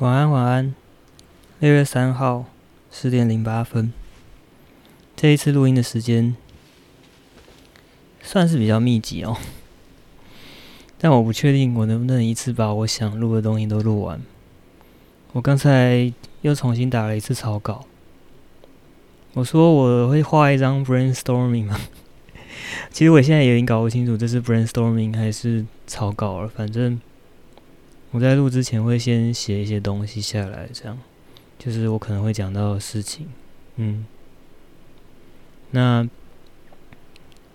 晚安，晚安。六月三號十點零八分，這一次錄音的時間算是比較密集哦。但我不確定我能不能一次把我想錄的東西都錄完。我剛才又重新打了一次草稿。我說我會畫一張 brainstorming 嗎？其實我現在也已經搞不清楚，這是 brainstorming 還是草稿了。反正。我在錄之前會先寫一些東西下來，這樣就是我可能會講到的事情。嗯，那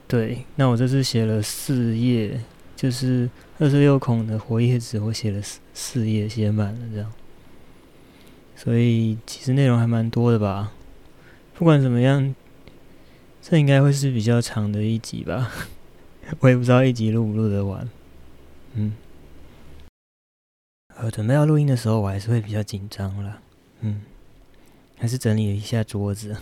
對，那我這次寫了四頁，就是二十六孔的活頁紙，我寫了四四頁，寫滿了這樣。所以其實內容還蠻多的吧。不管怎麼樣，這應該會是比較長的一集吧。 我也不知道一集錄不錄得完。嗯。呃，準備要錄音的時候，我還是會比較緊張了。嗯，還是整理一下桌子，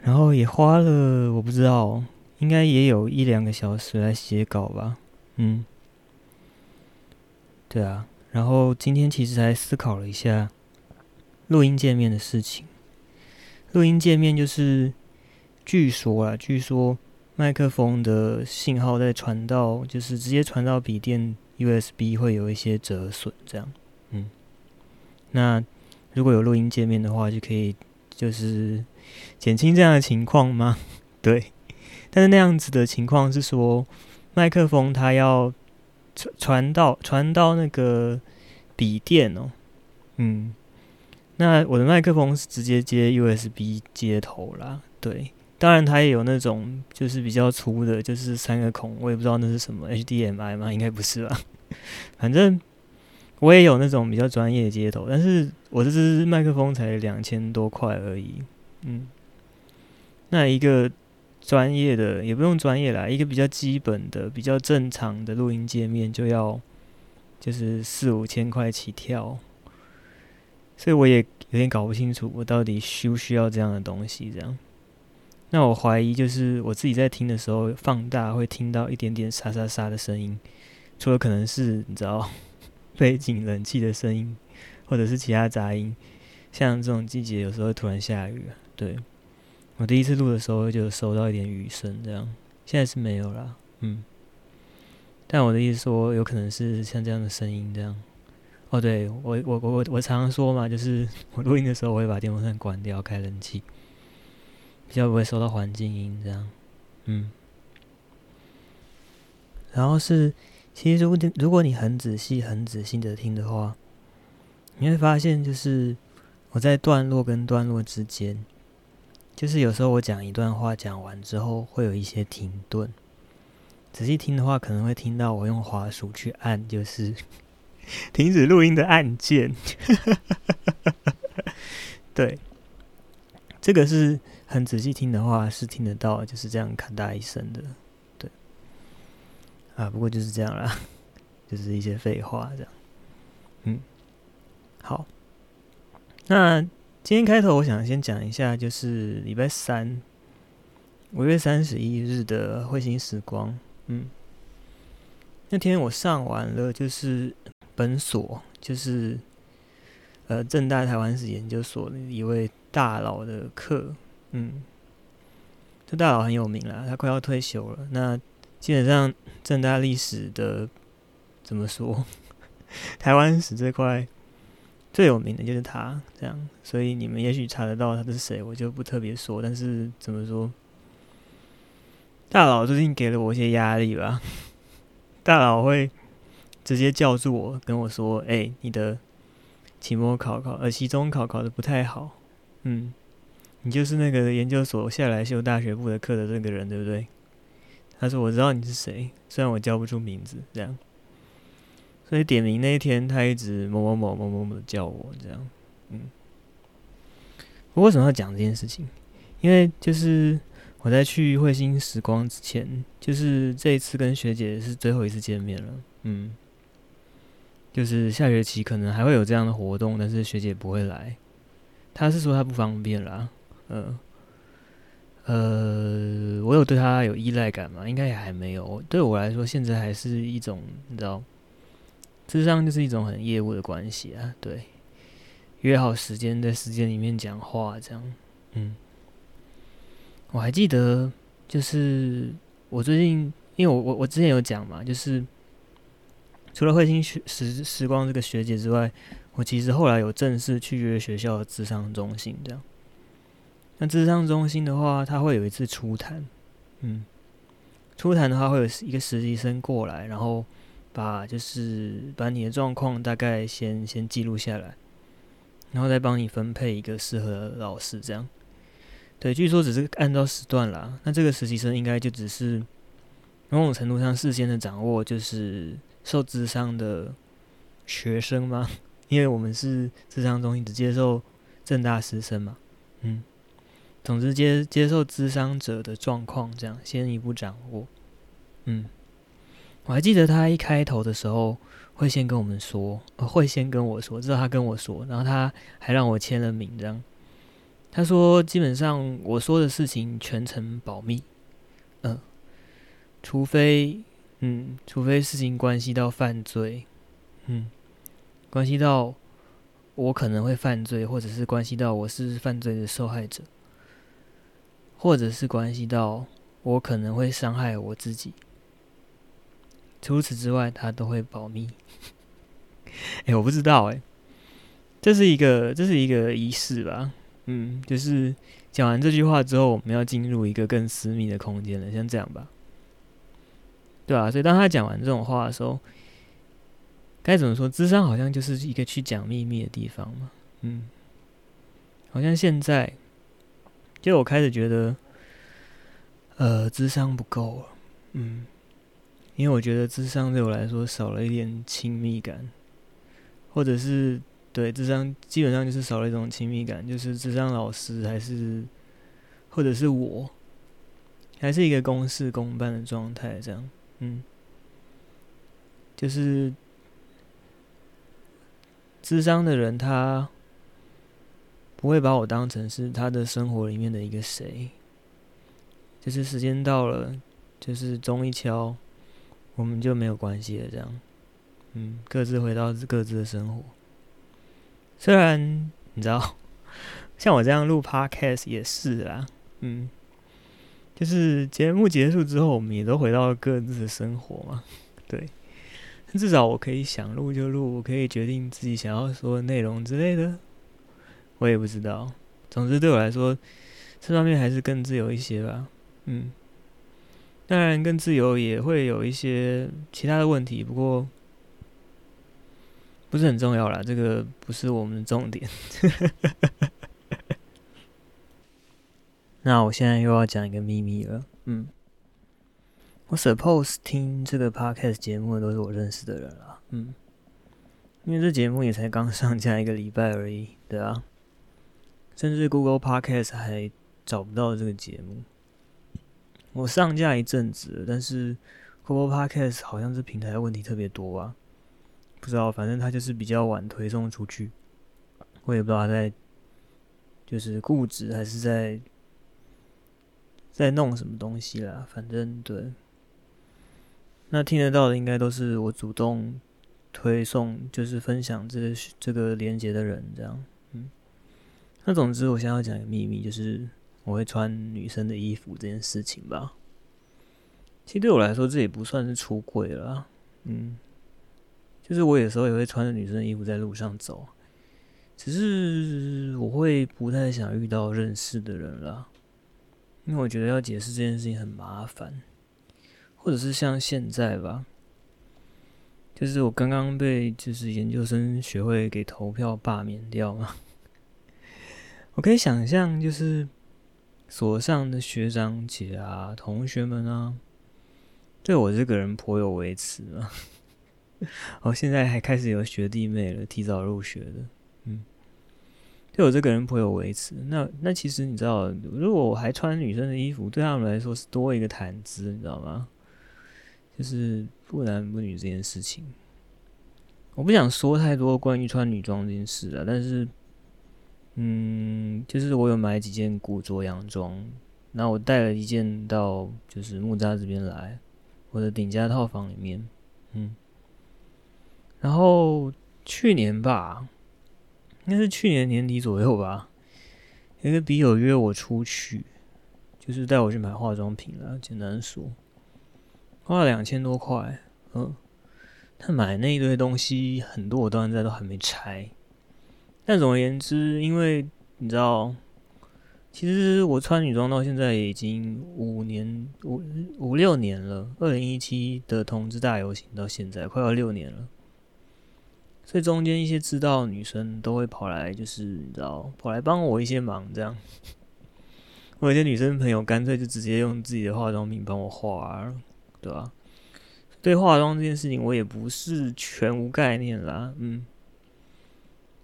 然後也花了我不知道，應該也有一兩個小時來寫稿吧。嗯，對啊。然後今天其實還思考了一下錄音界面的事情。錄音界面就是，據說啊，據說麥克風的信號在傳到，就是直接傳到筆電。USB 會有一些折損，這樣，嗯，那如果有錄音界面的話，就可以就是減輕這樣的情況嗎？對，但是那樣子的情況是說，麥克風它要傳傳到傳到那個筆電哦、喔，嗯，那我的麥克風是直接接 USB 接頭啦，對。當然，它也有那種就是比較粗的，就是三個孔，我也不知道那是什麼 HDMI 嗎？應該不是吧。反正我也有那種比較專業的接頭，但是我這支麥克風才兩千多塊而已。嗯，那一個專業的也不用專業啦。一個比較基本的、比較正常的錄音介面就要就是四五千塊起跳，所以我也有點搞不清楚，我到底需不需要這樣的東西，這樣。那我懷疑，就是我自己在聽的時候放大會聽到一點點沙沙沙的聲音，除了可能是你知道背景冷氣的聲音，或者是其他雜音，像這種季節有時候會突然下雨。對，我第一次錄的時候就收到一點雨聲這樣，現在是沒有了，嗯，但我的意思說有可能是像這樣的聲音這樣，哦對，對我我我我我常常說嘛，就是我錄音的時候我會把電風扇關掉，開冷氣。比較不會收到環境音這樣，嗯。然後是，其實如果如果你很仔細、很仔細的聽的話，你會發現，就是我在段落跟段落之間，就是有時候我講一段話講完之後，會有一些停頓。仔細聽的話，可能會聽到我用滑鼠去按，就是停止錄音的按鍵。 對，這個是。很仔細聽的話，是聽得到，就是這樣咔嗒一聲的，對，啊，不過就是這樣啦，就是一些廢話這樣，嗯，好，那今天開頭我想先講一下，就是禮拜三，五月三十一日的會心時光，嗯，那天我上完了就是本所，就是呃政大台灣史研究所的一位大佬的課。嗯，這大佬很有名啦，他快要退休了。那基本上政大歷史的怎麼說，台灣史這塊最有名的就是他這樣。所以你們也許查得到他是誰，我就不特別說。但是怎麼說，大佬最近給了我一些壓力吧。大佬會直接叫住我，跟我說：“哎、欸，你的期末考考，呃，期中考考的不太好。”嗯。你就是那個研究所下來修大學部的課的那個人，對不對？他說我知道你是誰，雖然我叫不出名字，這樣。所以點名那一天，他一直某某某某某某的叫我，這樣。嗯。我為什麼要講這件事情？因為就是我在去會心時光之前，就是這一次跟學姐是最後一次見面了。嗯。就是下學期可能還會有這樣的活動，但是學姐不會來。他是說他不方便啦。呃，呃，我有對他有依賴感嗎？應該也還沒有。對我來說，現在還是一種你知道，諮商就是一種很業務的關係啊。對，約好時間，在時間裡面講話這樣。嗯，我還記得，就是我最近，因為我我我之前有講嘛，就是除了會心學時時光這個學姐之外，我其實後來有正式去約學校的諮商中心這樣。那諮商中心的話，它會有一次初談，嗯，初談的話會有一個實習生過來，然後把就是把你的狀況大概先先記錄下來，然後再幫你分配一個適合老師這樣。對，據說只是按照時段啦。那這個實習生應該就只是某種程度上事先的掌握，就是受諮商的學生嗎？因為我們是諮商中心，只接受政大師生嘛，嗯。總之接，接接受諮商者的狀況，這樣先一步掌握。嗯，我還記得他一開頭的時候，會先跟我們說、呃，會先跟我說，知道他跟我說，然後他還讓我簽了名，這樣。他說，基本上我說的事情全程保密。嗯、呃，除非，嗯，除非事情關係到犯罪，嗯，關係到我可能會犯罪，或者是關係到我是，是犯罪的受害者。或者是關係到我可能會傷害我自己，除此之外，他都會保密。哎、 欸，我不知道哎、欸，這是一個，這是一個儀式吧？嗯，就是講完這句話之後，我們要進入一個更私密的空間了，像這樣吧？對吧、啊？所以當他講完這種話的時候，該怎麼說？諮商好像就是一個去講秘密的地方嘛。嗯，好像現在。就我開始覺得，呃，諮商不夠了，嗯，因為我覺得諮商對我來說少了一點親密感，或者是對諮商基本上就是少了一種親密感，就是諮商老師還是，或者是我，還是一個公事公辦的狀態這樣，嗯，就是諮商的人他。不會把我當成是他的生活裡面的一個誰，就是時間到了，就是鐘一敲，我們就沒有關係了，這樣，嗯，各自回到各自的生活。雖然你知道，像我這樣錄 Podcast 也是啦，嗯，就是節目結束之後，我們也都回到各自的生活嘛，對。至少我可以想錄就錄，我可以決定自己想要說的內容之類的。我也不知道，總之對我來說，這方面還是更自由一些吧。嗯，當然更自由也會有一些其他的問題，不過不是很重要啦，這個不是我們的重點。 那我現在又要講一個秘密了。嗯，我 suppose 聽這個 podcast 節目的都是我認識的人了啊。嗯，因為這節目也才剛上架一個禮拜而已。對啊。甚至 Google Podcast 還找不到這個節目。我上架一陣子，但是 Google Podcast 好像是平台的問題特別多啊，不知道，反正它就是比較晚推送出去。我也不知道他在就是固執還是在在弄什麼東西啦。反正對，那聽得到的應該都是我主動推送，就是分享這個、這個鏈接的人這樣。那總之，我現在要講一個秘密，就是我會穿女生的衣服這件事情吧。其實對我來說，這也不算是出櫃了啦。嗯，就是我有時候也會穿着女生的衣服在路上走，只是我會不太想遇到認識的人啦，因為我覺得要解釋這件事情很麻煩，或者是像現在吧，就是我剛剛被就是研究生學會給投票罷免掉嘛。我可以想象，就是所上的學長姐啊、同學們啊，對我這個人頗有微詞啊。我、 哦、現在還開始有學弟妹了，提早入學的，嗯，對我這個人頗有微詞。那那其實你知道，如果我還穿女生的衣服，對他們來說是多一個談資，你知道嗎？就是不男不女這件事情，我不想說太多關於穿女裝這件事啊，但是。嗯，就是我有買幾件古着洋裝，然後我帶了一件到就是木柵這邊來，我的頂家套房裡面，嗯，然後去年吧，應該是去年年底左右吧，一個筆友約我出去，就是帶我去買化妝品啦，簡單說，花了兩千多塊，嗯、呃，他買那一堆東西很多，我到現在都還沒拆。但總而言之，因為你知道，其實我穿女裝到現在已經五年、五、五六年了，二零一七的同志大遊行到現在快要六年了，所以中間一些知道女生都會跑來，就是你知道跑來幫我一些忙，這樣。我有些女生朋友乾脆就直接用自己的化妝品幫我畫，對吧？啊。對化妝這件事情，我也不是全無概念啦，嗯。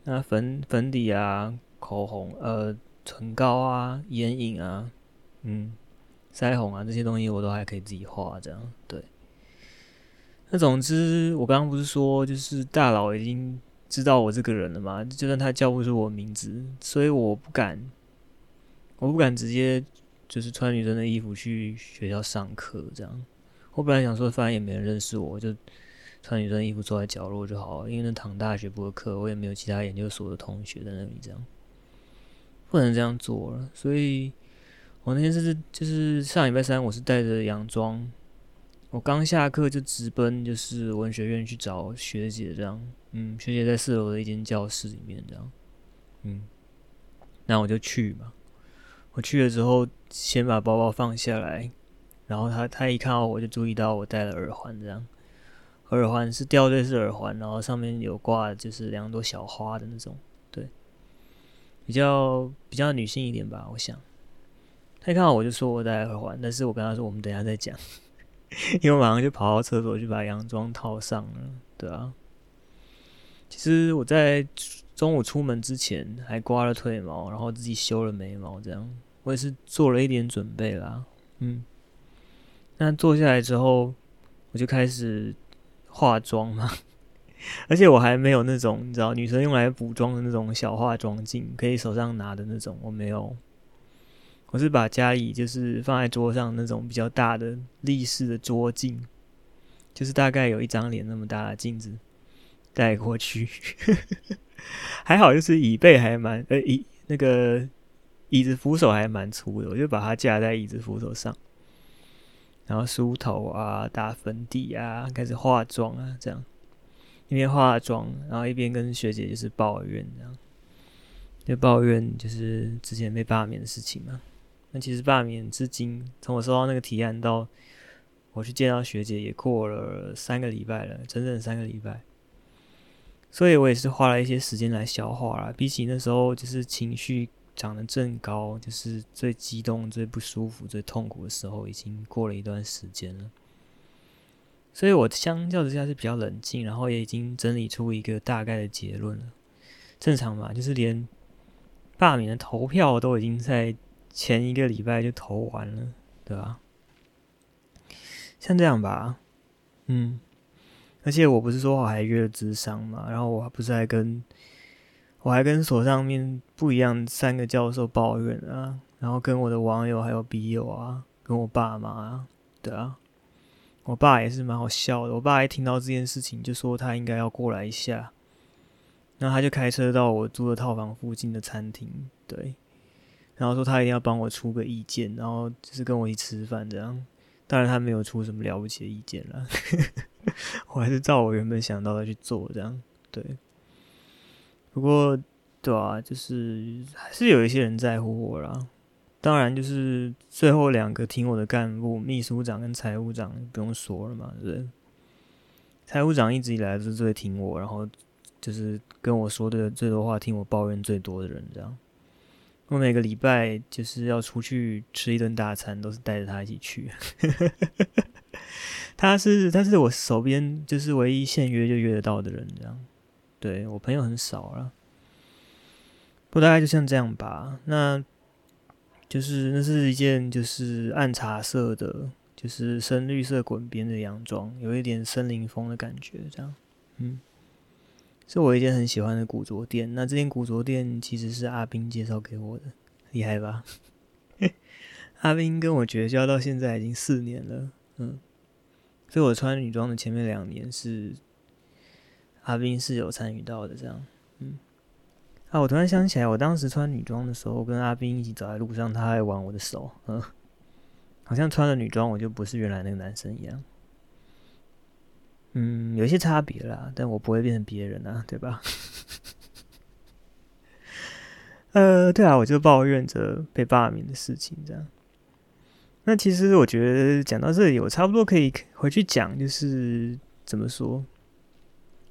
那、啊、粉粉底啊、口紅、呃、唇膏啊、眼影啊、嗯、腮紅啊這些東西，我都還可以自己畫，這樣對。那總之，我剛剛不是說，就是大佬已經知道我這個人了嘛，就算他叫不出我名字，所以我不敢，我不敢直接就是穿女生的衣服去學校上課，這樣。我本來想說，反正也沒人認識我，就。穿女生衣服坐在角落就好了，因為那堂大學部的課，我也沒有其他研究所的同學在那裡，這樣，不能這樣做了。所以，我那天是就是上禮拜三我，我是帶着洋裝，我剛下課就直奔就是文學院去找學姐，這樣，嗯，學姐在四樓的一間教室裡面，這樣，嗯，那我就去嘛。我去了之後，先把包包放下來，然後他他一看到我就注意到我戴了耳環，這樣。耳環是吊墜式耳環，然後上面有掛，就是兩朵小花的那種，對，比較比較女性一點吧，我想。他一看到我就說我戴耳環，但是我跟他說我們等一下再講， 因為馬上就跑到廁所去把洋裝套上了，對啊。其實我在中午出門之前還刮了腿毛，然後自己修了眉毛，這樣我也是做了一點準備啦，嗯。那坐下來之後，我就開始。化妝嗎？而且我還沒有那種，你知道，女生用來補妝的那種小化妝鏡，可以手上拿的那種，我沒有。我是把家裡就是放在桌上那種比較大的立式的桌鏡，就是大概有一張臉那麼大的鏡子帶過去。 還好，就是椅背還蠻，呃，椅那個椅子扶手還蠻粗的，我就把它架在椅子扶手上。然後梳頭啊，打粉底啊，開始化妝啊，這樣一邊化妝，然後一邊跟學姐就是抱怨這樣，就抱怨就是之前被罷免的事情嘛。那其實罷免至今，從我收到那個提案到我去見到學姐，也過了三個禮拜了，整整三個禮拜。所以我也是花了一些時間來消化啦，比起那時候就是情緒。長得正高，就是最激動、最不舒服、最痛苦的時候已經過了一段時間了，所以我相較之下是比較冷靜，然後也已經整理出一個大概的結論了。正常嘛，就是連罷免的投票都已經在前一個禮拜就投完了，對吧、啊？像這樣吧，嗯，而且我不是說我還約了諮商嘛，然後我不是還跟。我還跟所上面不一樣三個教授抱怨啊，然後跟我的網友還有筆友啊，跟我爸媽啊，對啊，我爸也是蠻好笑的。我爸一聽到這件事情，就說他應該要過來一下，然後他就開車到我租的套房附近的餐廳，對，然後說他一定要幫我出個意見，然後就是跟我一起吃飯這樣。當然他沒有出什麼了不起的意見啦， 我還是照我原本想到的去做這樣，對。不過，對啊，就是還是有一些人在乎我啦。當然，就是最後兩個聽我的幹部，祕書長跟財務長不用說了嘛。對，財務長一直以來都是最聽我，然後就是跟我說的最多話、聽我抱怨最多的人，這樣。我每個禮拜就是要出去吃一頓大餐，都是帶着他一起去。 他是，他是我手邊就是唯一現約就約得到的人，這樣。對，我朋友很少啊。不大概就像這樣吧。那，就是那是一件就是暗茶色的，就是深綠色滾邊的洋裝，有一點森林風的感覺。這樣，嗯，是我一間很喜歡的古着店。那這間古着店其實是阿斌介紹給我的，厲害吧？ 阿斌跟我絕交到現在已經四年了，嗯，所以我穿女裝的前面兩年是。阿賓是有參與到的，這樣，嗯，啊，我突然想起來，我當時穿女裝的時候，跟阿賓一起走在路上，他還挽我的手，嗯，好像穿了女裝，我就不是原來那個男生一樣，嗯，有些差別啦，但我不會變成別人啊，對吧？ 呃，對啊，我就抱怨着被罷免的事情，這樣。那其實我覺得講到這裡，我差不多可以回去講，就是怎麼說。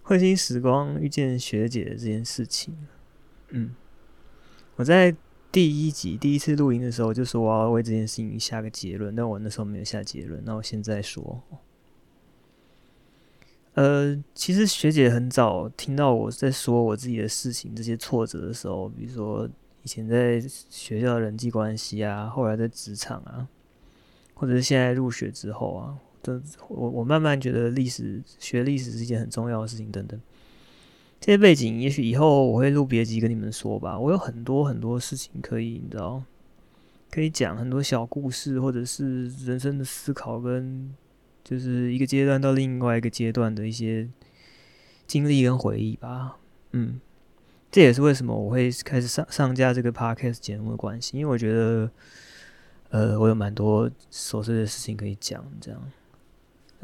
會心時光遇見學姐的這件事情，嗯，我在第一集第一次錄音的時候，我就說我要為這件事情下個結論，但我那時候沒有下結論，那我現在說，呃，其實學姐很早聽到我在說我自己的事情，這些挫折的時候，比如說以前在學校的人際關係啊，後來在職場啊，或者是現在入學之後啊。這，我我慢慢覺得歷史學歷史是一件很重要的事情，等等這些背景，也許以後我會錄別集跟你們說吧。我有很多很多事情可以，你知道，可以講很多小故事，或者是人生的思考，跟就是一個階段到另外一個階段的一些經歷跟回憶吧。嗯，這也是為什麼我會開始上上架這個 podcast 節目的關係，因為我覺得，呃，我有蠻多瑣碎的事情可以講，這樣。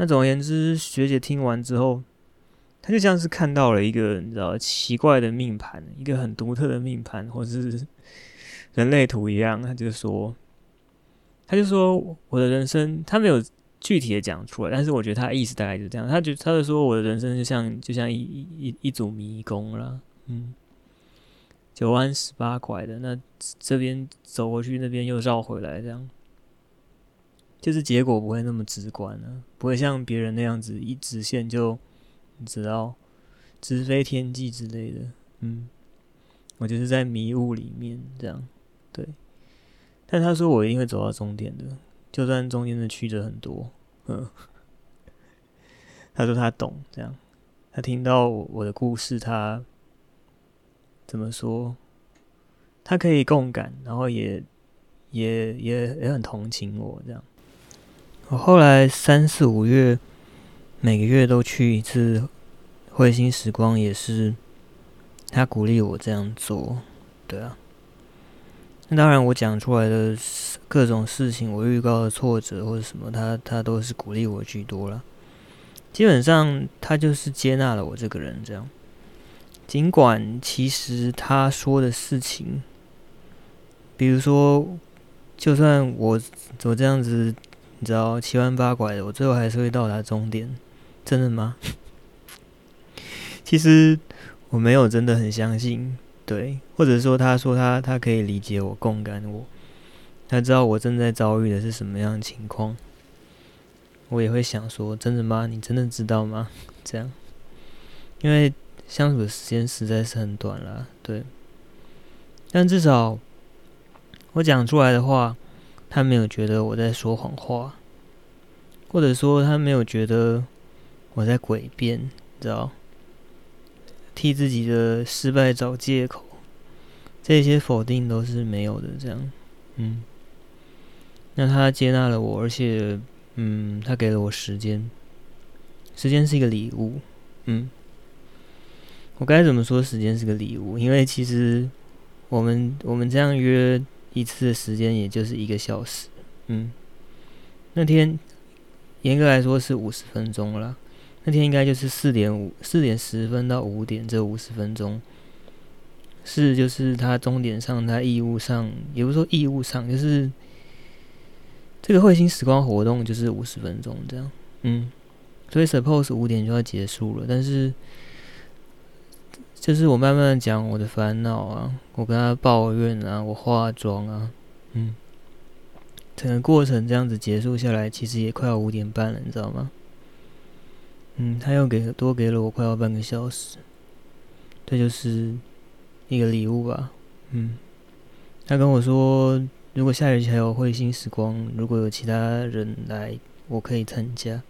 那總而言之，學姐聽完之後，她就像是看到了一個你知道奇怪的命盤，一個很獨特的命盤，或是人類圖一樣。她就說，她就說我的人生，她沒有具體的講出來，但是我覺得她意思大概就是這樣。她就，她就說我的人生就像就像一一一一組迷宮啦，嗯，九彎十八拐的，那這邊走過去，那邊又繞回來，這樣。就是結果不會那麼直觀啊，不會像別人那樣子一直線就，你知道，直飛天際之類的。嗯，我就是在迷霧裡面這樣。對，但他說我一定會走到終點的，就算中間的曲折很多。嗯，他說他懂這樣，他聽到我，我的故事他，他怎麼說？他可以共感，然後也也也也很同情我這樣。我後來三四五月每個月都去一次，會心時光也是他鼓勵我這樣做，對啊。那當然，我講出來的各種事情，我遇到的挫折或者什麼，他他都是鼓勵我居多了。基本上，他就是接納了我這個人這樣。儘管其實他說的事情，比如說，就算我我這樣子。你知道七彎八拐的，我最後還是會到達終點，真的嗎？其實我沒有真的很相信，對，或者說他說他他可以理解我共感我，他知道我正在遭遇的是什麼樣的情況，我也會想說，真的嗎？你真的知道嗎？這樣，因為相處的時間實在是很短了，對，但至少我講出來的話。他沒有覺得我在說謊話，或者說他沒有覺得我在詭辯，知道？替自己的失敗找借口，這些否定都是沒有的。這樣，嗯，那他接納了我，而且，嗯，他給了我時間，時間是一個禮物，嗯。我該怎麼說？時間是個禮物，因為其實我們我們這樣約。一次的時間也就是一個小時，嗯，那天嚴格來說是五十分鐘了啦。那天應該就是四點五、四點十分到五點這五十分鐘，是就是它終點上它義務上，也不是說義務上，就是這個會心時光活動就是五十分鐘這樣，嗯，所以 suppose 五點就要結束了，但是。就是我慢慢講我的煩惱啊，我跟他抱怨啊，我化妝啊，嗯，整個過程這樣子結束下來，其實也快要五點半了，你知道嗎？嗯，他又給多給了我快要半個小時，這就是一個禮物吧，嗯。他跟我說，如果下學期還有會心時光，如果有其他人來，我可以參加，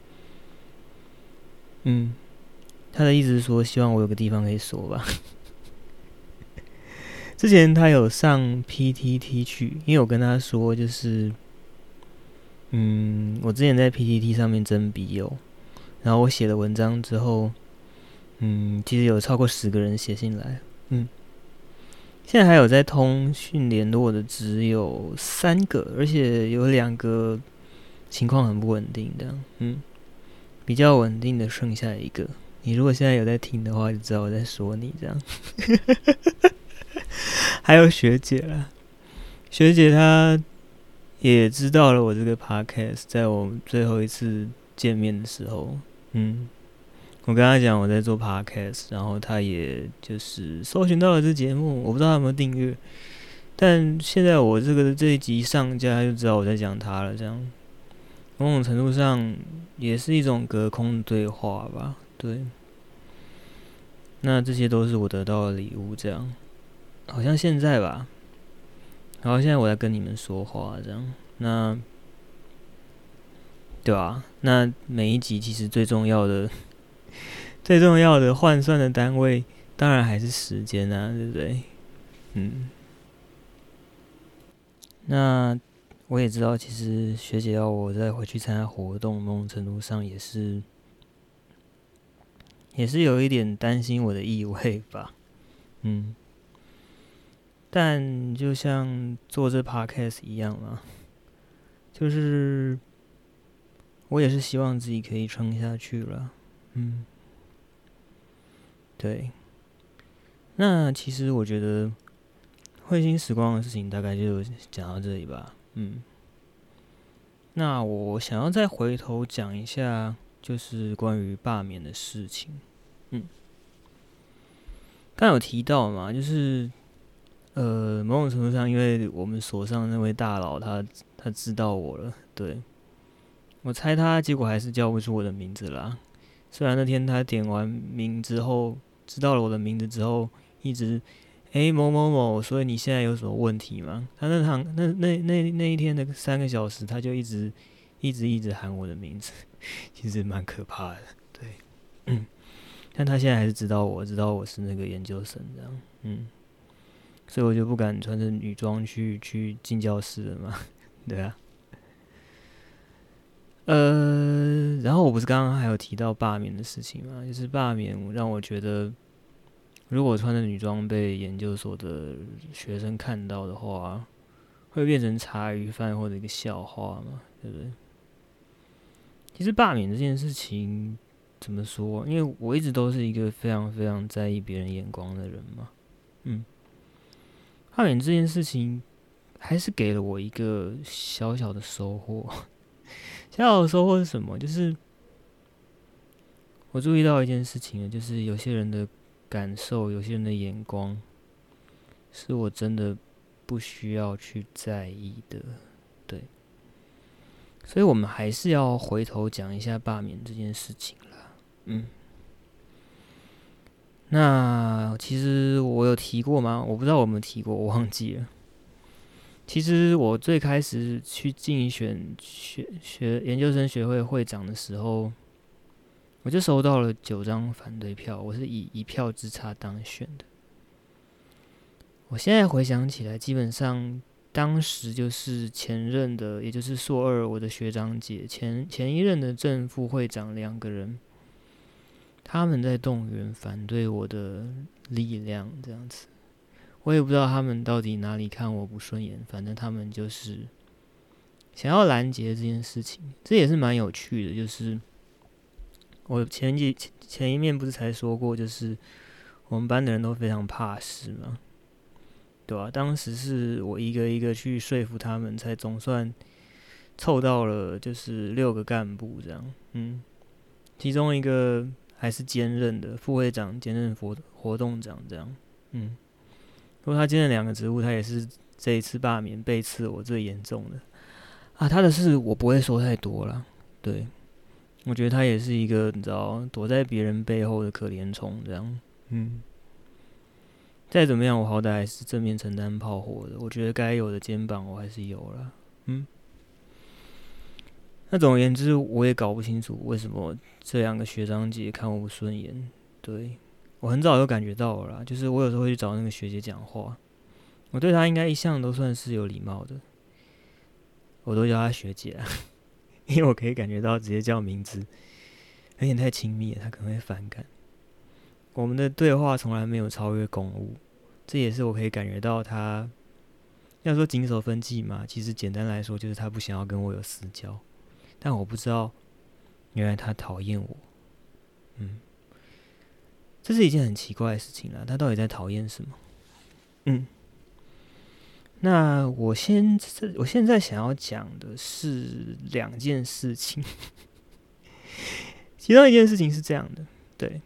嗯。他的意思是說，希望我有個地方可以說吧。 之前他有上 PTT 去，因為我跟他說，就是，嗯，我之前在 PTT 上面徵筆友，然後我寫了文章之後，嗯，其實有超過十個人寫信來，嗯，現在還有在通訊聯絡的只有三個，而且有兩個情況很不穩定的。嗯，比較穩定的剩下一個。你如果現在有在聽的話，就知道我在說你這樣。 還有學姐啦，學姐她也知道了我這個 podcast，在我最後一次見面的時候，嗯，我跟她講我在做 podcast，然後她也就是搜尋到了這節目，我不知道她有沒有訂閱。但現在我這個這一集上架，她就知道我在講她了。這樣某種程度上也是一種隔空對話吧。對，那這些都是我得到的禮物，這樣好像現在吧。然後現在我在跟你們說話，這樣那對吧、啊？那每一集其實最重要的、最重要的換算的單位，當然還是時間啊，對不對？嗯。那我也知道，其實學姐要我再回去參加活動，某種程度上也是。也是有一點擔心我的意味吧，嗯，但就像做這 podcast 一樣嘛，就是我也是希望自己可以撐下去了，嗯，對，那其實我覺得會心時光的事情大概就講到這裡吧，嗯，那我想要再回頭講一下。就是關於罷免的事情，嗯，剛有提到嘛，就是，呃，某種程度上，因為我們所上那位大佬，他他知道我了，對，我猜他結果還是叫不出我的名字啦。雖然那天他點完名之後，知道了我的名字之後，一直，欸某某某，所以你現在有什麼問題嗎？他那趟那那那那一天的三個小時，他就一直。一直一直喊我的名字，其實蠻可怕的。對，嗯，但他現在還是知道我，知道我是那個研究生這樣，嗯，所以我就不敢穿着女裝去去進教室了嘛。對啊，呃，然後我不是剛剛還有提到罷免的事情嘛？就是罷免讓我覺得，如果穿着女裝被研究所的學生看到的話，會變成茶餘飯後的一個笑話嘛？對不對？其實罷免這件事情怎麼說？因為我一直都是一個非常非常在意別人眼光的人嘛。嗯，罷免這件事情還是給了我一個小小的收穫。小小的收穫是什麼？就是我注意到一件事情了，就是有些人的感受，有些人的眼光，是我真的不需要去在意的。所以，我們還是要回頭講一下罷免這件事情了。嗯，那其實我有提過嗎？我不知道我沒提過，我忘記了。其實我最開始去競選學學學研究生學會會長的時候，我就收到了九張反對票，我是以一票之差當選的。我現在回想起來，基本上。當時就是前任的，也就是碩二我的學長姐，前前一任的正副會長兩個人，他們在動員反對我的力量，這樣子。我也不知道他們到底哪裡看我不順眼，反正他們就是想要攔截這件事情，這也是蠻有趣的。就是我前幾前，前前一面不是才說過，就是我們班的人都非常怕事嘛。對啊，當時是我一個一個去說服他們，才總算湊到了，就是六個幹部這樣。嗯，其中一個還是兼任的副會長，兼任活活動長這樣。嗯，如果他兼任兩個職務，他也是這一次罷免背刺我最嚴重的啊。他的事我不會說太多了。對，我覺得他也是一個你知道躲在別人背後的可憐蟲這樣。嗯。再怎麼樣，我好歹還是正面承擔炮火的。我覺得該有的肩膀，我還是有了。嗯，那總而言之，我也搞不清楚為什麼這兩個學長姐看我不順眼。對，我很早就感覺到了啦，就是我有時候會去找那個學姐講話，我對她應該一向都算是有禮貌的，我都叫她學姐啦，因為我可以感覺到直接叫名字有點太親密了，她可能會反感。我們的對話從來沒有超越公務，這也是我可以感覺到他要說謹守分際嘛。其實簡單來說，就是他不想要跟我有私交，但我不知道原來他討厭我。嗯，這是一件很奇怪的事情啊！他到底在討厭什麼？嗯，那我先，我現在想要講的是兩件事情。其中一件事情是這樣的，對。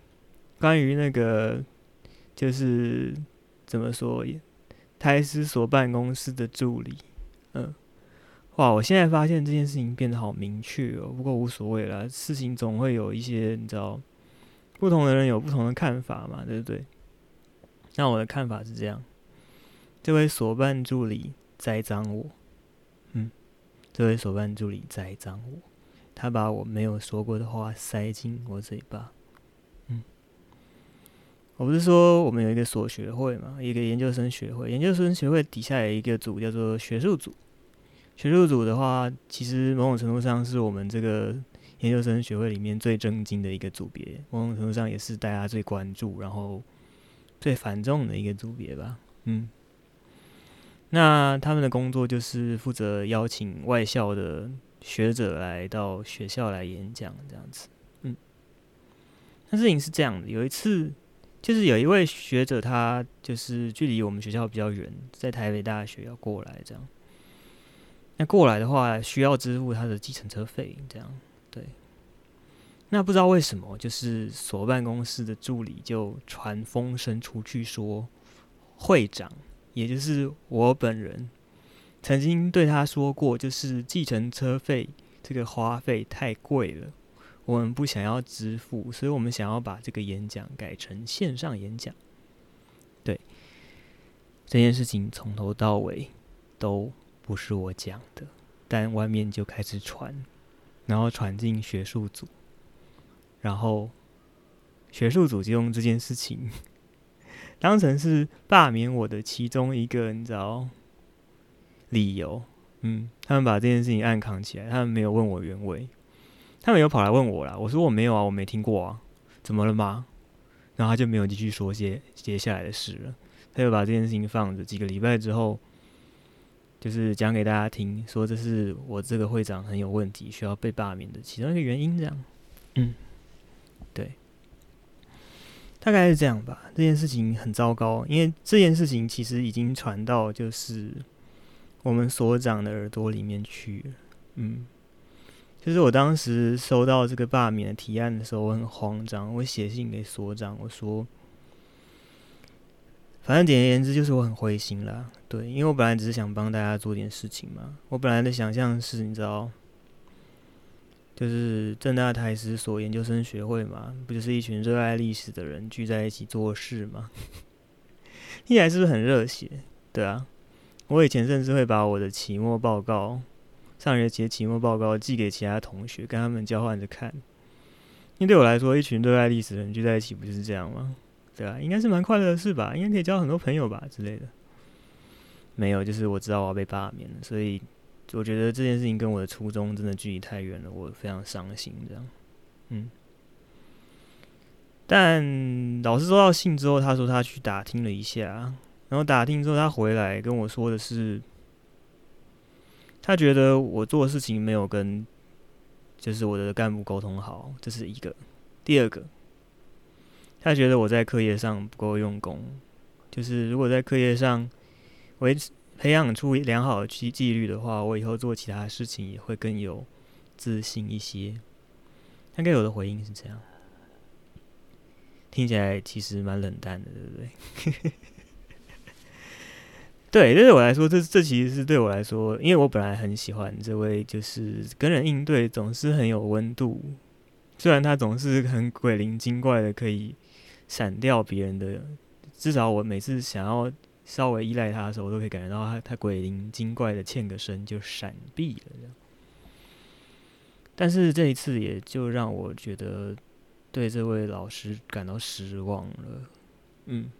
關於那個，就是怎麼說也，台師所辦公室的助理，嗯，哇，我現在發現這件事情變得好明確哦。不過無所謂啦，事情總會有一些，你知道，不同的人有不同的看法嘛，對不對？ 那我的看法是這樣，這位所辦助理栽贓我，嗯，這位所辦助理栽贓我，他把我沒有說過的話塞進我嘴巴。我不是說我們有一個所學會嘛，一個研究生學會，研究生學會底下有一個組叫做學術組。學術組的話，其實某種程度上是我們這個研究生學會裡面最正經的一個組別，某種程度上也是大家最關注、然後最繁重的一個組別吧。嗯，那他們的工作就是負責邀請外校的學者來到學校來演講，這樣子。嗯，那事情是這樣的，有一次。就是有一位學者，他就是距離我們學校比較遠，在台北大學要過來這樣。那過來的話，需要支付他的計程車費這樣。對，那不知道為什麼，就是所辦公室的助理就傳風聲出去說，會長也就是我本人曾經對他說過，就是計程車費這個花費太貴了。我們不想要支付，所以我們想要把這個演講改成線上演講。對，這件事情從頭到尾都不是我講的，但外面就開始傳，然後傳進學術組，然後學術組就用這件事情當成是罷免我的其中一個，你知道，理由。嗯，他們把這件事情暗扛起來，他們沒有問我原委。他們又跑來問我了，我說我沒有啊，我沒聽過啊，怎麼了嗎？然後他就沒有繼續說接接下來的事了，他就把這件事情放着。幾個禮拜之後，就是講給大家聽，說這是我這個會長很有問題，需要被罷免的其中一個原因。這樣，嗯，對，大概是這樣吧。這件事情很糟糕，因為這件事情其實已經傳到就是我們所長的耳朵裡面去了，嗯。就是我當時收到這個罷免的提案的時候，我很慌張。我寫信給所長，我說：“反正簡而言之，就是我很灰心啦。”對，因為我本來只是想幫大家做點事情嘛。我本來的想象是，你知道，就是政大台史所研究生學會嘛，不就是一群熱愛歷史的人聚在一起做事嘛。聽 起來是不是很熱血？對啊，我以前甚至會把我的期末報告，上學期期末報告寄給其他同學，跟他們交換着看。因為對我來說，一群熱愛歷史的人聚在一起，不就是這樣嗎？對吧、啊？應該是蠻快樂的事吧？應該可以交很多朋友吧之類的。沒有，就是我知道我要被罷免了，所以我覺得這件事情跟我的初衷真的距離太遠了，我非常傷心。這樣，嗯。但老師收到信之後，他說他去打聽了一下，然後打聽之後，他回來跟我說的是。他覺得我做事情沒有跟，就是我的幹部溝通好，這是一個。第二個，他覺得我在課業上不夠用功，就是如果在課業上，維持培養出良好的紀紀律的話，我以後做其他事情也會更有自信一些。他給我的回應是這樣，聽起來其實蠻冷淡的，對不對？ 對，對，對我來說，這這其實是對我來說，因為我本來很喜歡這位，就是跟人應對總是很有溫度，雖然他總是很鬼靈精怪的，可以閃掉別人的。至少我每次想要稍微依賴他的時候，我都可以感覺到他他鬼靈精怪的欠個身就閃避了。但是這一次也就讓我覺得對這位老師感到失望了。嗯。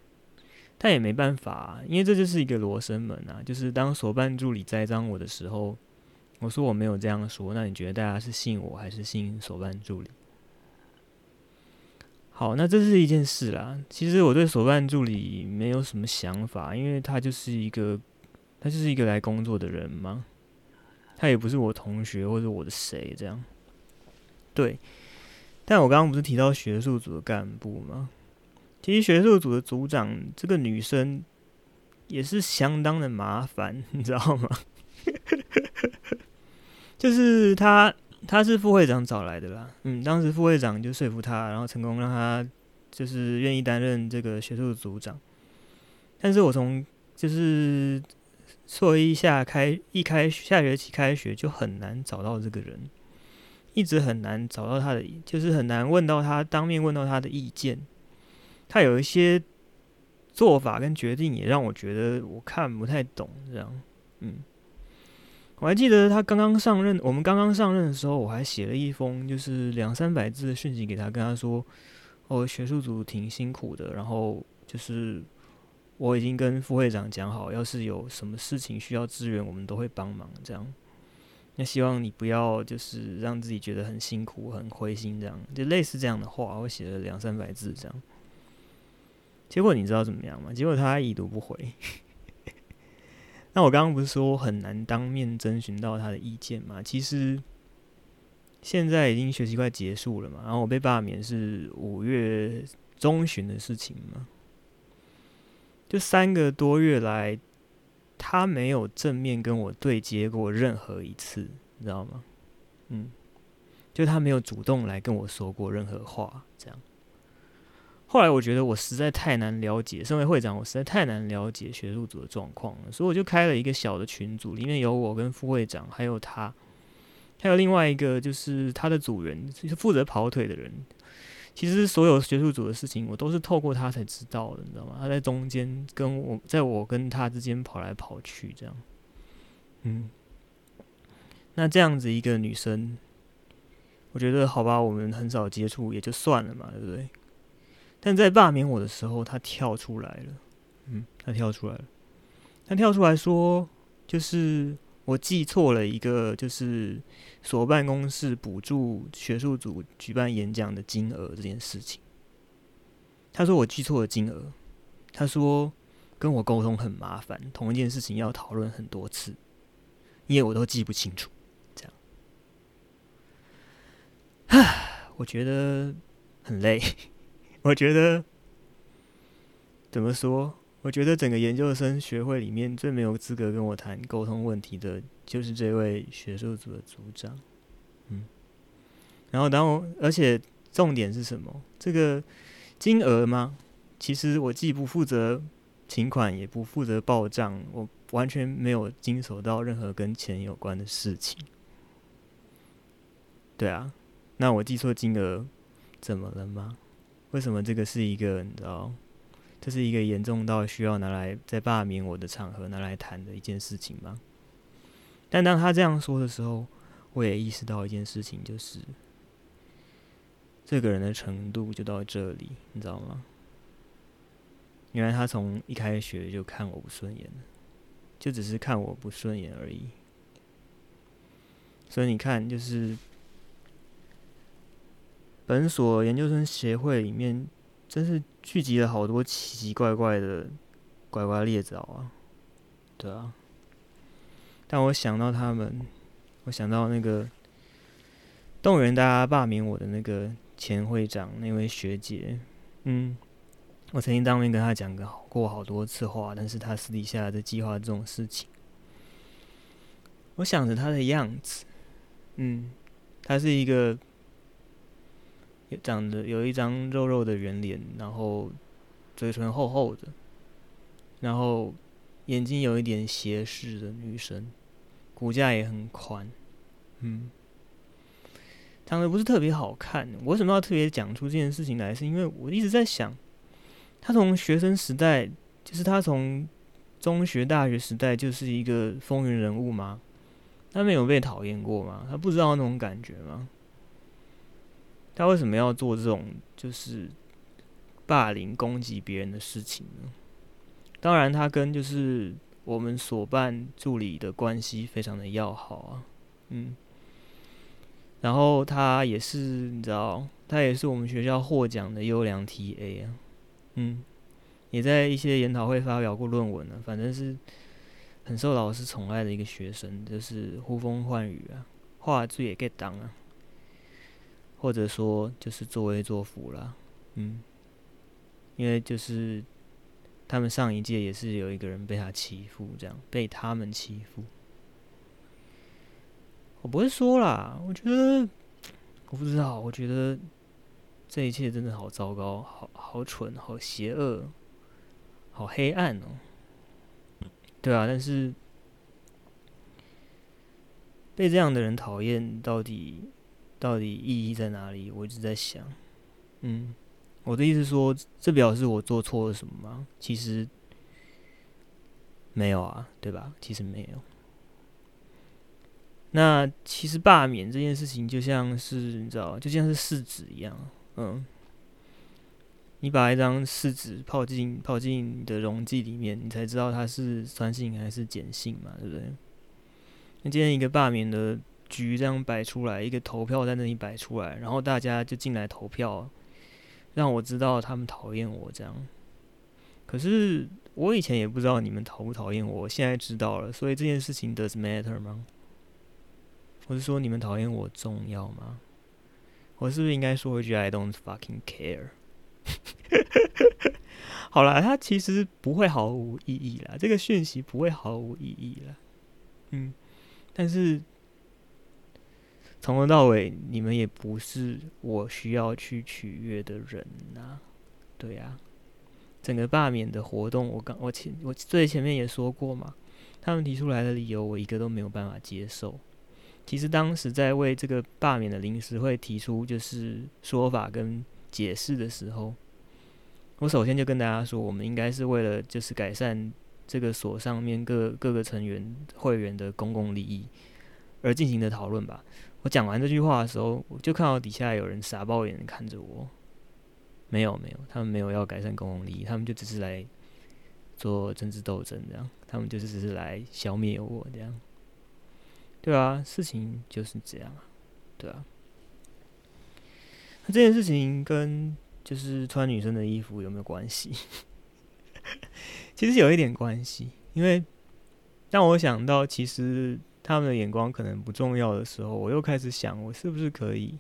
那也沒辦法，因為這就是一個羅生門啊。就是當所辦助理栽贓我的時候，我說我沒有這樣說。那你覺得大家是信我，還是信所辦助理？好，那這是一件事啦。其實我對所辦助理沒有什麼想法，因為他就是一個，他就是一個來工作的人嘛。他也不是我同學或者我的誰這樣。對，但我剛剛不是提到學術組的幹部嗎？其實學術組的組長，這個女生也是相當的麻煩，你知道嗎？ 就是她，她是副會長找來的啦。嗯，當時副會長就說服她，然後成功讓她就是願意擔任這個學術組長。但是我從就是初一下開一開下學期開學就很難找到這個人，一直很難找到她的，就是很難問到她，當面問到她的意見。他有一些做法跟決定也讓我覺得我看不太懂，這樣，嗯，我還記得他剛剛上任，我們剛剛上任的時候，我還寫了一封就是兩三百字的訊息給他，跟他說，哦，學術組挺辛苦的，然後就是我已經跟副會長講好，要是有什麼事情需要支援，我們都會幫忙，這樣。那希望你不要就是讓自己覺得很辛苦、很灰心，這樣就類似這樣的話，我寫了兩三百字這樣。結果你知道怎麼樣嗎？結果他已讀不回。 那我剛剛不是說很難當面徵詢到他的意見嗎？其實現在已經學習快結束了嘛，然後我被罷免是五月中旬的事情嘛，就三個多月來，他沒有正面跟我對接過任何一次，你知道嗎？嗯，就他沒有主動來跟我說過任何話，這樣。後來我覺得我實在太難了解，身為會長，我實在太難了解學術組的狀況了，所以我就開了一個小的群組，裡面有我跟副會長，還有他，還有另外一個就是他的組員，就是負責跑腿的人。其實所有學術組的事情，我都是透過他才知道的，你知道嗎？他在中間跟我，在我跟他之間跑來跑去，這樣。嗯，那這樣子一個女生，我覺得好吧，我們很少接觸，也就算了嘛，對不對？但在罷免我的時候，他跳出來了。嗯，他跳出來了。他跳出來說：“就是我記錯了一個，就是所辦公室補助學術組舉辦演講的金額這件事情。”他說：“我記錯了金額。”他說：“跟我溝通很麻煩，同一件事情要討論很多次，因為我都記不清楚。”這樣，哈，我覺得很累。我覺得怎麼說？我覺得整個研究生學會裡面最沒有資格跟我談溝通問題的，就是這位學術組的組長。嗯，然後，然後，而且重點是什麼？這個金額嗎？其實我既不負責請款，也不負責報賬，我完全沒有經手到任何跟錢有關的事情。對啊，那我記錯金額，怎麼了嗎？為什麼這個是一個你知道？這是一個嚴重到需要拿來在罷免我的場合拿來談的一件事情嗎？但當他這樣說的時候，我也意識到一件事情，就是這個人的程度就到這裡，你知道嗎？原來他從一開學就看我不順眼，就只是看我不順眼而已。所以你看，就是。本所研究生協會裡面，真是聚集了好多奇奇怪怪的怪怪列沼啊！對啊，但我想到他們，我想到那個動員大家罷免我的那個前會長那位學姐，嗯，我曾經當面跟他講過好，過好多次話，但是他私底下在計劃這種事情，我想着他的樣子，嗯，他是一個。長得有一張肉肉的圓臉，然後嘴脣厚厚的，然後眼睛有一點斜視的女生，骨架也很寬，嗯，長得不是特別好看。我為什麼要特別講出這件事情來？是因為我一直在想，他從學生時代，就是他從中學、大學時代，就是一個風雲人物嗎？他沒有被討厭過嗎？他不知道那種感覺嗎？他為什麼要做這種就是霸凌、攻擊別人的事情呢？當然，他跟就是我們所辦助理的關係非常的要好啊，嗯。然後他也是你知道，他也是我們學校獲獎的優良 TA 啊，嗯，也在一些研討會發表過論文呢，啊。反正是很受老師寵愛的一個學生，就是呼風喚雨啊，喊水會結凍啊。或者說，就是作威作福啦，嗯，因為就是他們上一屆也是有一個人被他欺負，這樣被他們欺負。我不會說啦，我覺得我不知道，我覺得這一切真的好糟糕，好好蠢，好邪惡，好黑暗哦、喔。對啊，但是被這樣的人討厭，到底？到底意義在哪裡？我一直在想，嗯，我的意思說，這表示我做錯了什麼嗎？其實沒有啊，對吧？其實沒有。那其實罷免這件事情，就像是你知道，就像是試紙一樣，嗯，你把一張試紙泡進泡進你的溶劑裡面，你才知道它是酸性還是鹼性嘛，對不對？那今天一個罷免的。局這樣擺出來，一個投票在那裡擺出來，然後大家就進來投票，讓我知道他們討厭我這樣。可是我以前也不知道你們討不討厭我，我現在知道了，所以這件事情 does matter 嗎？我是說你們討厭我重要嗎？我是不是應該說一句 I don't fucking care？ 好了，它其實不會毫無意義了，這個訊息不會毫無意義了。嗯，但是。從頭到尾，你們也不是我需要去取悅的人吶、啊，對呀、啊。整個罷免的活動我，我剛我前我最前面也說過嘛，他們提出來的理由我一個都沒有辦法接受。其實當時在為這個罷免的臨時會提出就是說法跟解釋的時候，我首先就跟大家說，我們應該是為了就是改善這個所上面各各個成員會員的公共利益而進行的討論吧。我講完這句話的時候，我就看到底下有人傻爆眼的看着我。沒有沒有，他們沒有要改善公共利益，他們就只是來做政治鬥爭這樣。他們就是只是來消滅我這樣。對啊，事情就是這樣啊，對啊。那這件事情跟就是穿女生的衣服有沒有關係？ 其實有一點關係，因為讓我想到其實。他們的眼光可能不重要的時候，我又開始想，我是不是可以？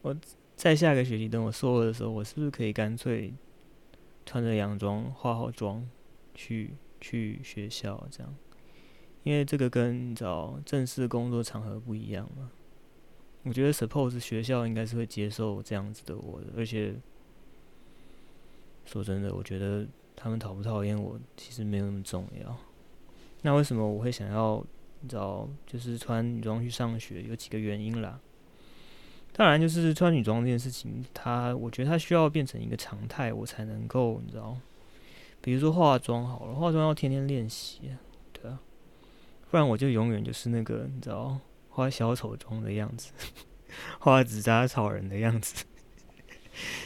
我在下個學期等我瘦了的時候，我是不是可以乾脆穿着洋裝、化好妝去去學校這樣？因為這個跟找正式工作場合不一樣嘛。我覺得 suppose 學校應該是會接受我這樣子的我的，而且說真的，我覺得他們討不討厭我，其實沒有那麼重要。那為什麼我會想要，你知道，就是穿女裝去上學，有幾個原因啦。當然，就是穿女裝這件事情，它我覺得它需要變成一個常態，我才能夠，你知道，比如說化妝好了，化妝要天天練習，對啊，不然我就永遠就是那個，你知道，畫小丑妝的樣子，畫紙紮草人的樣子呵呵，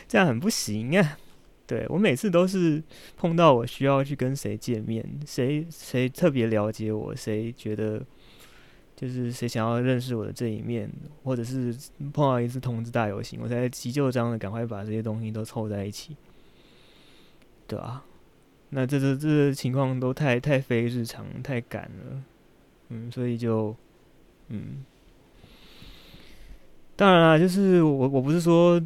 這樣很不行啊。對，我每次都是碰到我需要去跟誰見面，誰誰特別了解我，誰覺得就是誰想要認識我的這一面，或者是碰到一次同志大遊行，我才急就章的趕快把這些東西都湊在一起，對啊，那這這這情況都太太非日常、太趕了，嗯，所以就嗯，當然啦，就是我我不是說。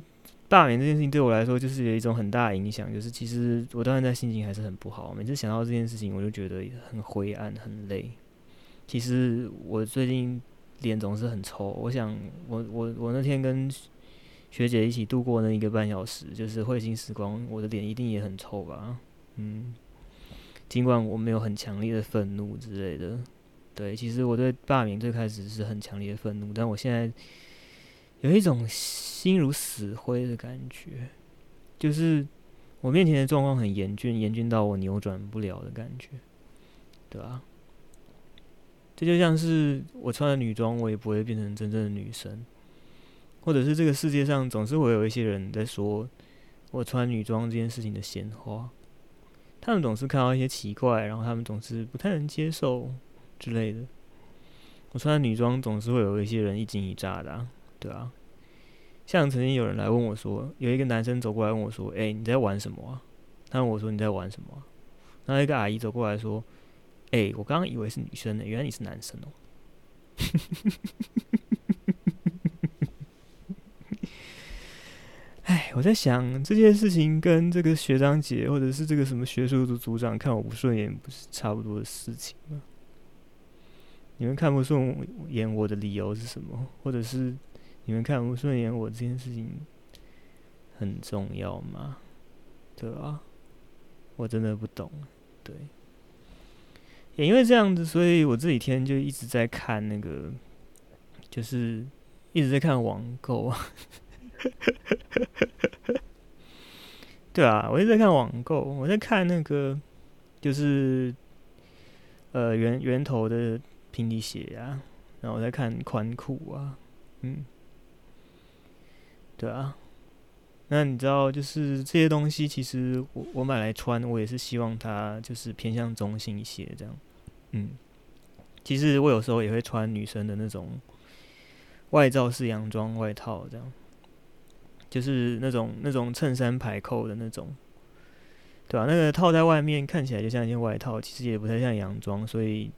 罷免這件事情對我來說，就是有一種很大影響。就是其實我到現在心情還是很不好，每次想到這件事情，我就覺得很灰暗、很累。其實我最近臉總是很臭。我想我，我我我那天跟學姐一起度過那一個半小時，就是會心時光，我的臉一定也很臭吧？嗯。儘管我沒有很強烈的憤怒之類的。對，其實我對罷免最開始是很強烈的憤怒，但我現在。有一種心如死灰的感覺，就是我面前的狀況很嚴峻，嚴峻到我扭轉不了的感覺，對吧、啊？這就像是我穿了女裝，我也不會變成真正的女生，或者是這個世界上總是會有一些人在說我穿女裝這件事情的閒話，他們總是看到一些奇怪，然後他們總是不太能接受之類的。我穿女裝總是會有一些人一驚一乍的、啊。對啊，像曾經有人來問我說，有一個男生走過來問我說：“哎、欸，你在玩什麼、啊？”他問我說：“你在玩什麼、啊？”那一個阿姨走過來說：“哎、欸，我剛剛以為是女生呢、欸，原來你是男生哦、喔。 ”哎，我在想這件事情跟這個學長姐或者是這個什麼學術組組長看我不順眼，不是差不多的事情嗎？你們看不順眼我的理由是什麼，或者是？你們看不順眼我這件事情很重要嗎？對啊，我真的不懂。對，也因為這樣子，所以我這幾天就一直在看那個，就是一直在看網購啊。 對啊，我一直在看網購，我在看那個就是呃圓，圓頭的平底鞋啊，然後我在看寬褲啊，嗯。對啊，那你知道，就是這些東西，其實我我買來穿，我也是希望它就是偏向中性一些，這樣，嗯。其實我有時候也會穿女生的那種外罩式洋裝外套，這樣，就是那種那種襯衫排扣的那種，對啊，那個套在外面看起來就像一件外套，其實也不太像洋裝，所以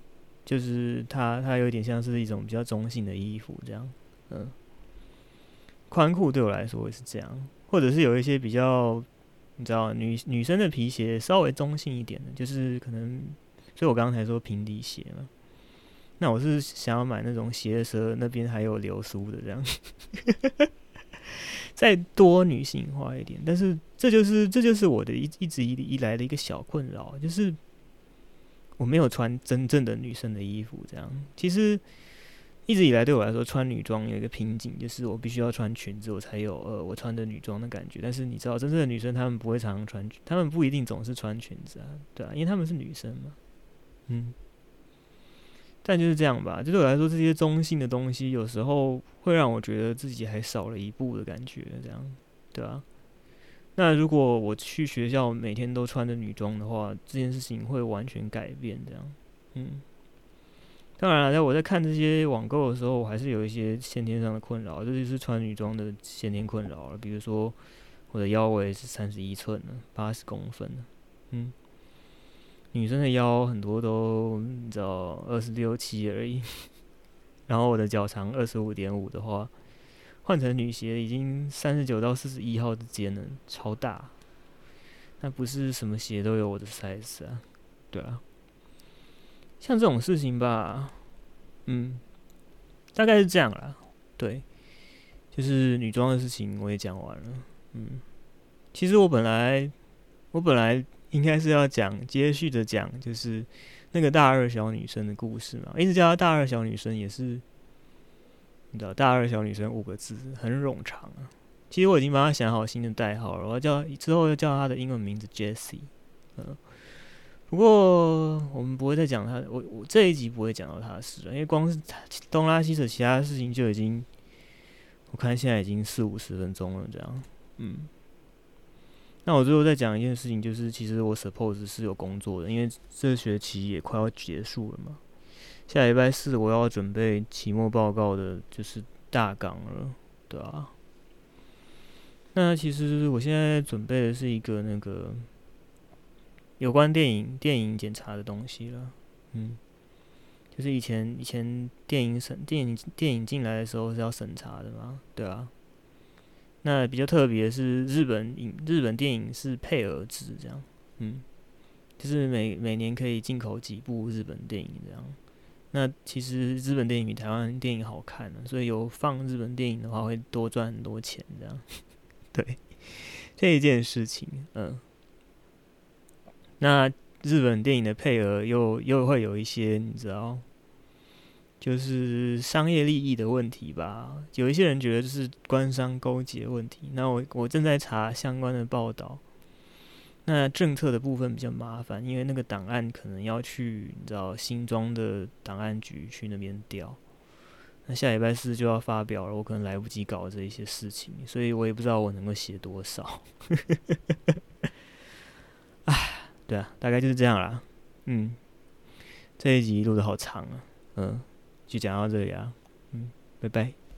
就是它它有點像是一種比較中性的衣服，這樣，嗯。寬褲對我來說也是這樣，或者是有一些比較，你知道，女女生的皮鞋稍微中性一點的，就是可能，所以我剛才說平底鞋嘛。那我是想要買那種鞋舌那邊還有流蘇的這樣， 再多女性化一點。但是這就是這就是我的一一直以來的一個小困擾，就是我沒有穿真正的女生的衣服這樣。其實。一直以來對我來說，穿女裝有一個瓶頸，就是我必須要穿裙子，我才有呃，我穿着女裝的感覺。但是你知道，真正的女生她們不會常常穿裙，她們不一定總是穿裙子啊，對啊，因為她們是女生嘛。嗯。但就是這樣吧，就對我來說，這些中性的東西有時候會讓我覺得自己還少了一步的感覺，這樣，對啊。那如果我去學校每天都穿着女裝的話，這件事情會完全改變，這樣，嗯。當然了，在我在看這些網購的時候，我還是有一些先天上的困擾，這就是穿女裝的先天困擾了。比如說，我的腰圍是三十一寸呢，八十公分呢。嗯，女生的腰很多都你知道二十六七而已， 然後我的腳長二十五點五的話，換成女鞋已經三十九到四十一號之間了，超大。那不是什麼鞋都有我的 size 啊，對啊。像這種事情吧，嗯，大概是這樣啦。對，就是女裝的事情我也講完了。嗯，其實我本來我本來應該是要講，接續的講，就是那個大二小女生的故事嘛。一直叫她大二小女生也是，你知道“大二小女生”五個字很冗長啊。其實我已經幫她想好新的代號了，我要叫，之後又叫她的英文名字 Jessie。嗯。不過我們不會再講他，我我這一集不會講到他的事了，因為光是他東拉西扯，其他事情就已經，我看現在已經四五十分鐘了，這樣，嗯。那我最後再講一件事情，就是其實我 suppose 是有工作的，因為這學期也快要結束了嘛，下禮拜四我要準備期末報告的，就是大綱了，對啊？那其實我現在準備的是一個那個。有關電影電影檢查的東西了，嗯，就是以前以前電影審電影電影進來的時候是要審查的嘛，對啊。那比較特別的是日本影日本電影是配額制這樣，嗯，就是每每年可以進口幾部日本電影這樣。那其實日本電影比台灣電影好看啊，所以有放日本電影的話會多賺很多錢這樣。 對，這一件事情，嗯。那日本電影的配額又又會有一些，你知道，就是商業利益的問題吧？有一些人覺得就是官商勾結問題。那我我正在查相關的報道。那政策的部分比較麻煩，因為那個檔案可能要去你知道新莊的檔案局去那邊調。那下禮拜四就要發表了，我可能來不及搞這些事情，所以我也不知道我能夠寫多少。哎。 對啊，大概就是這樣啦。嗯，這一集錄得好長啊。嗯，就講到這裡啊。嗯，拜拜。